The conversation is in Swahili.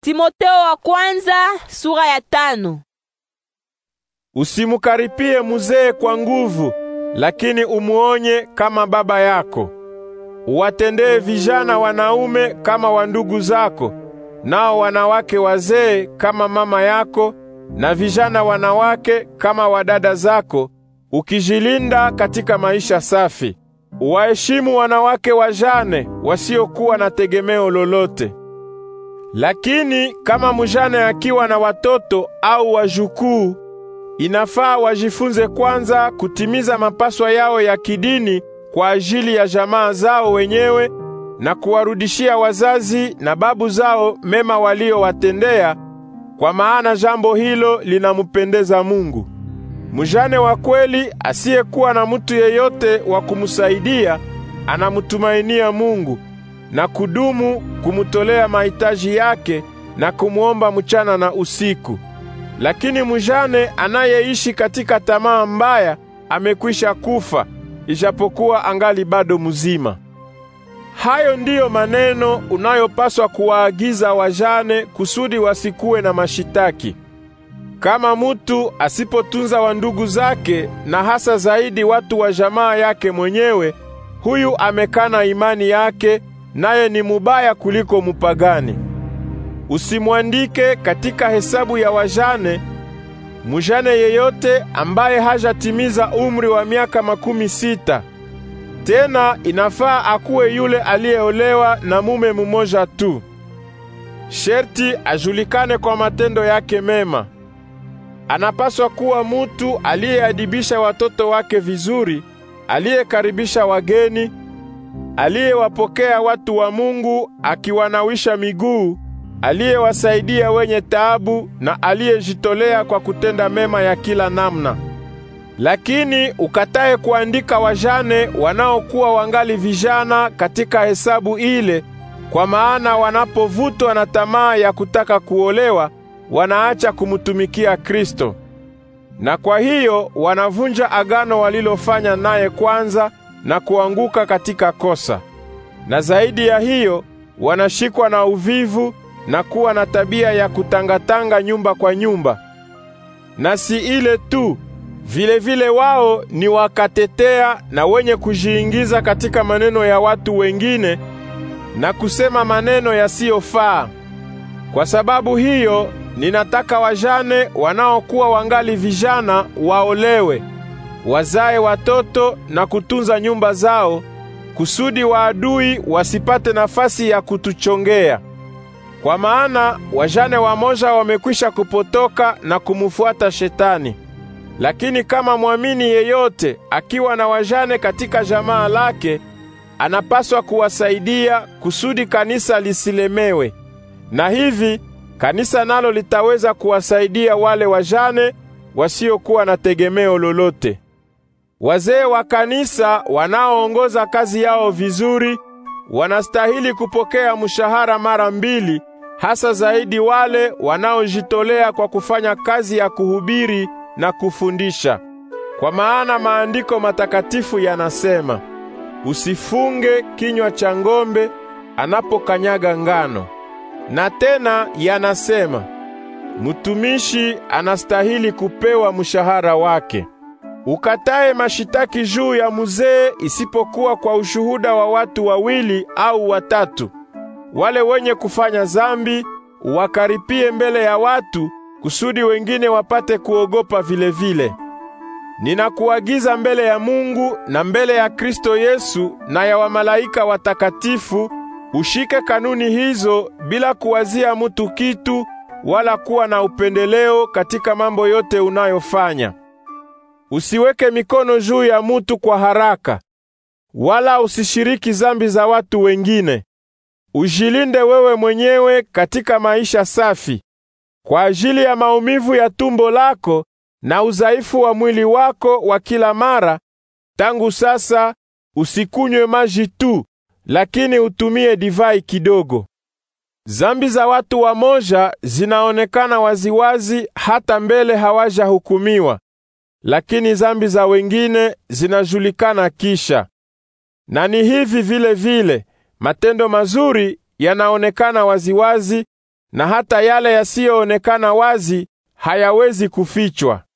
Timoteo wa kwanza, sura ya tano. Usimukaripie muzee kwa nguvu, lakini umuonye kama baba yako. Uwatendee vijana wanaume kama wandugu zako, nao wanawake wazee kama mama yako, na vijana wanawake kama wadada zako, ukijilinda katika maisha safi. Uwaheshimu wanawake wajane wasiokuwa na tegemeo lolote. Lakini kama mjane akiwa na watoto au wajukuu, inafaa wajifunze kwanza kutimiza mapaswa yao ya kidini kwa ajili ya jamaa zao wenyewe na kuwarudishia wazazi na babu zao mema waliowatendea, kwa maana jambo hilo linampendeza Mungu. Mjane wa kweli asiyekuwa na mtu yeyote wa kumsaidia anamtumainia Mungu na kudumu kumutolea mahitaji yake na kumwomba mchana na usiku. Lakini mjane anayeishi katika tamaa mbaya amekwisha kufa, ijapokuwa angali bado mzima. Hayo ndiyo maneno unayopaswa kuwaagiza wajane kusudi wasikuwe na mashitaki. Kama mutu asipotunza wandugu zake na hasa zaidi watu wa jamaa yake mwenyewe, huyu amekana imani yake naye ni mubaya kuliko mupagani. Usimwandike katika hesabu ya wajane mujane yeyote ambaye hajatimiza umri wa miaka makumi sita. Tena inafaa akuwe yule aliyeolewa na mume mumoja tu. Sherti ajulikane kwa matendo yake mema. Anapaswa kuwa mutu aliyeadibisha watoto wake vizuri, aliyekaribisha wageni, aliyewapokea watu wa Mungu akiwanawisha miguu, aliyewasaidia wenye taabu na aliyejitolea kwa kutenda mema ya kila namna. Lakini ukatae kuandika wajane wanaokuwa wangali vijana katika hesabu ile, kwa maana wanapovutwa na tamaa ya kutaka kuolewa wanaacha kumtumikia Kristo, na kwa hiyo wanavunja agano walilofanya naye kwanza na kuanguka katika kosa, na zaidi ya hiyo wanashikwa na uvivu na kuwa na tabia ya kutangatanga nyumba kwa nyumba. Na si ile tu, vilevile vile wao ni wakatetea na wenye kujiingiza katika maneno ya watu wengine na kusema maneno yasiyofaa. Kwa sababu hiyo, ninataka wajane wanaokuwa wangali vijana waolewe wazae watoto na kutunza nyumba zao, kusudi waadui wasipate nafasi ya kutuchongea. Kwa maana wajane wamoja wamekwisha kupotoka na kumfuata Shetani. Lakini kama mwamini yeyote akiwa na wajane katika jamaa lake, anapaswa kuwasaidia kusudi kanisa lisilemewe. Na hivi kanisa nalo litaweza kuwasaidia wale wajane wasiokuwa na tegemeo lolote. Wazee wa kanisa wanaoongoza kazi yao vizuri wanastahili kupokea mshahara mara mbili, hasa zaidi wale wanaojitolea kwa kufanya kazi ya kuhubiri na kufundisha. Kwa maana maandiko matakatifu yanasema, usifunge kinywa cha ng'ombe anapokanyaga ngano. Na tena yanasema, mtumishi anastahili kupewa mshahara wake. Ukatae mashitaki juu ya muzee isipokuwa kwa ushuhuda wa watu wawili au watatu. Wale wenye kufanya zambi wakaripie mbele ya watu kusudi wengine wapate kuogopa vilevile. Ninakuagiza mbele ya Mungu na mbele ya Kristo Yesu na ya wamalaika watakatifu, ushike kanuni hizo bila kuwazia mutu kitu wala kuwa na upendeleo katika mambo yote unayofanya. Usiweke mikono juu ya mutu kwa haraka, wala usishiriki zambi za watu wengine. Ujilinde wewe mwenyewe katika maisha safi, kwa ajili ya maumivu ya tumbo lako na udhaifu wa mwili wako wa kila mara. Tangu sasa usikunywe maji tu, lakini utumie divai kidogo. Zambi za watu wamoja zinaonekana waziwazi hata mbele hawajahukumiwa lakini zambi za wengine zinajulikana kisha. Na ni hivi vile vile matendo mazuri yanaonekana waziwazi, na hata yale yasiyoonekana wazi hayawezi kufichwa.